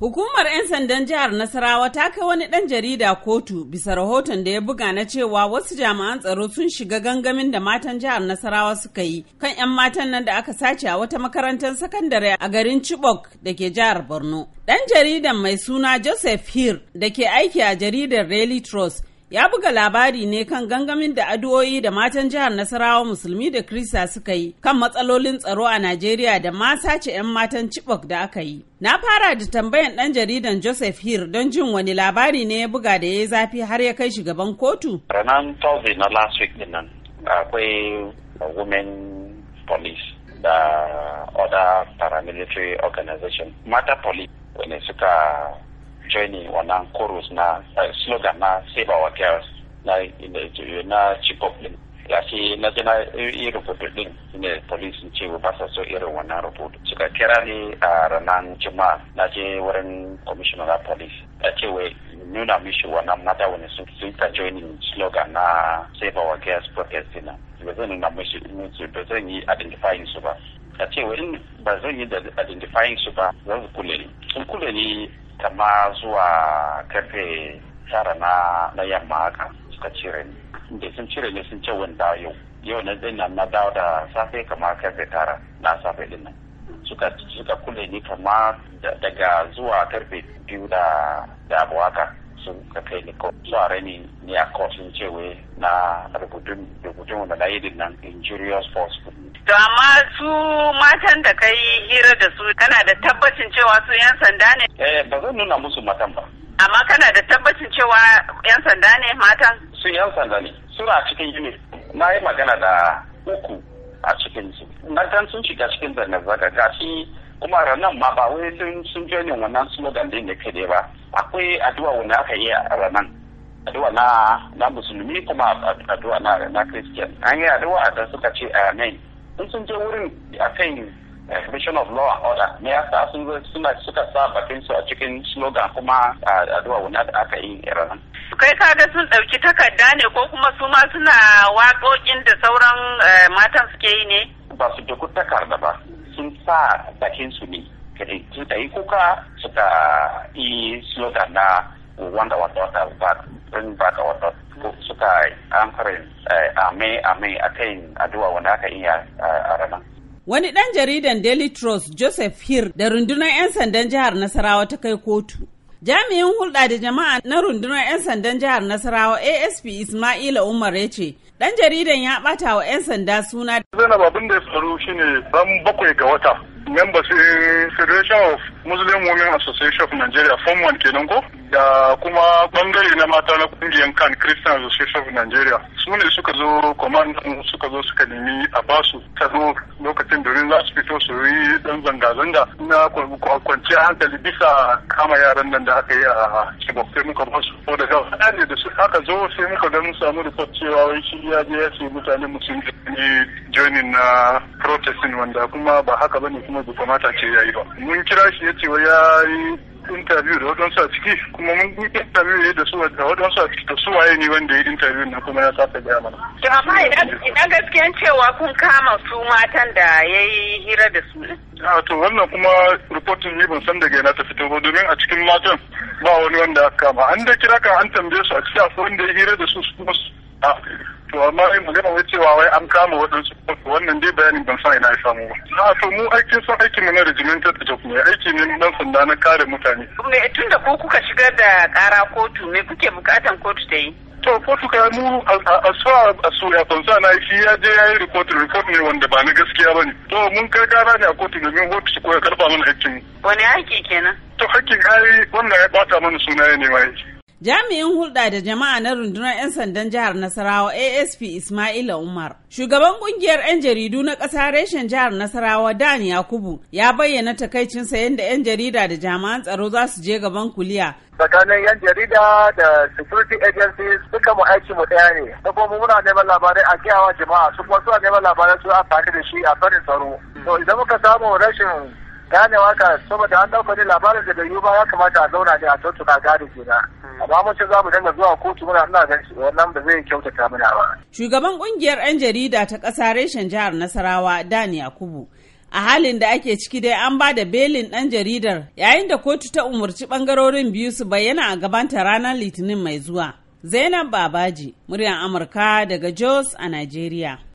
Hukumar 'yan sandan jihar Nasarawa ta kai wani ɗan jarida kotu bisa rahoton da ya buga na cewa wasu jami'an tsaro sun shiga gangamin da matan jihar Nasarawa suka yi kan 'yan matan nan da aka sace a wata makarantar sakandare a garin Chibok da ke jihar Borno. Ɗan jaridan mai suna Joseph Hir da ke aiki a jaridar Daily Trust ya buga labari ne kan gangamin da addu'o'i da matan jihar Nasarawa musulmi da Krista suka yi kan matsalolin tsaro a Najeriya da ma sace 'yan matan Chibok da aka yi. Na fara da tambayan ɗan jaridan Joseph Hir don jin wani labari ne ya buga da ya zafi har ya kai shugaban kotu. Ranar Thursday na last week akwai women police da other paramilitary organization mata police wani suka joining wannan chorus na eh, slogan na save our girls na na chibok din ya ce na jina irin rubutu din ne polisin ce ba sa so irin wannan rubutu suka kira ne a ranar juma'a na je wurin commissioner na police ya ce wai nuna mishi wannan mata wani sun ta joinin slogan na save our girls protest na ba zan nuna mishi ba zan yi identifying su ba ya ce wai ba zan yi identifying su ba zan kule ni sun kule ni kama zuwa karfe tara na yamma haka suka cire ni da sun cire ni sun ce wani dawo yau yau na din na dawo da safe kamar karfe tara na safe din nan suka suka kule ni kama daga zuwa karfe biyu da da abu sun ka kai ni ko su rani ni a ko sun ce wai na rubutun rubutun wanda na yi din nan injurious force to amma su matan da kai hira da su kana da tabbacin cewa su yan sanda ne eh ba zan nuna musu matan ba amma kana da tabbacin cewa yan sanda ne matan yan sanda ne suna cikin yini na yi magana da uku a cikin su na kan sun shiga cikin zanga-zanga gashi kuma ranar ma ba wai sun sun ne wannan slogan din ne kai ba akwai addu'a wani aka yi a ranar addu'a na na musulmi kuma addu'a na na christian an yi addu'a da suka ce amen in sun je wurin a kan commission eh, of law and order ne sa sun suna suka sa bakin su a cikin slogan kuma eh, addu'a wani aka yi a ranar kai ga sun ɗauki takarda ne ko kuma su ma suna waƙoƙin da sauran eh, matan suke yi ne? Ba su ɗauki takarda ba, sun sa bakin su ne. Sun ɗauki kuka suka yi slogan na wanda wata wata ba bring back our daughter suka amfarin eh, ame ame a kan addu'a wanda aka iya eh, a ranar. Wani ɗan jaridan Daily Trust Joseph Hir da rundunar 'yan sandan jihar Nasarawa ta kai kotu Jami'in hulɗa da jama'a na rundunar 'yan sandan jihar Nasarawa ASP Ismaila Umar ya ce, ɗan jaridan ya ɓata wa 'yan sanda suna. Zainab abin da ya faru shine ran bakwai ga wata members in eh, Federation of Muslim Women Association of Nigeria form one kenan ko da kuma bangare na mata na kungiyar kan Christian Association of Nigeria su ne suka zo command suka zo suka nemi a basu tsaro lokacin domin za su fito su yi dan zanga-zanga na kwanciyar hankali bisa kama yaran nan da aka yi a Chibok sai muka basu ko an wani da su aka zo sai muka ga samu report cewa wai shi ya je ya ce mutane mutum ne joinin na protesting wanda kuma ba haka bane kuma bai kamata ce yayi ba mun kira shi yace wai yayi interview da waɗansu a ciki kuma mun yi interview da su da waɗansu a ciki da su waye ne wanda ya interview na kuma ya sasa gaya mana. To amma idan gaskiyan cewa kun kama su matan da ya yi hira da su. A to wannan kuma reporting ne ban san daga yana ta fito ba domin a cikin matan ba wani wanda aka kama an da kira ka an tambaye su a ciki akwai wanda ya hira da su su kuma to amma ai magana wai cewa wai an kama waɗansu wannan dai bayanin ban sa ina ya samu ba a to mu aikin son aikin mu na regimental da kuma aiki ne na sanda na kare mutane me tunda ko kuka shigar da ƙara kotu me kuke bukatan kotu ta yi to kotu ka mu a suwa a su ya sa na shi ya je ya yi report report ne wanda ba na gaskiya ba ne to mun kai kara ne a kotu domin kotu su koya karba mana hakkin wani hakki kenan to hakki ai wannan ya bata mana suna ne ma yake Jami'in hulɗa da jama'a na rundunar 'yan sandan jihar Nasarawa ASP Ismaila Umar. Shugaban ƙungiyar 'yan jaridu na ƙasa reshen jihar Nasarawa Dan Yakubu ya bayyana takaicinsa yadda 'yan jarida da jami'an tsaro za su je gaban kuliya. Tsakanin 'yan jarida da security agencies duka mu aiki mu ɗaya ne. Da kuma muna neman labarai a kiyawa jama'a su kuma suna neman labarai su a tare da shi a farin tsaro. To idan muka samu rashin gane waka saboda an dauka ne labarin da bai yi ba ya kamata a zauna ne a tattuna gane juna hmm. amma mun ce za mu dinga zuwa kotu muna ina ga wannan ba zai kyautata mana ba shugaban kungiyar yan jarida ta ƙasa reshen jihar Nasarawa Dani Yakubu a halin da ake ciki dai an ba da belin dan jaridar yayin da kotu ta umarci bangarorin biyu su bayyana a gabanta ranar litinin mai zuwa zainab babaji muryar amurka daga jos a nigeria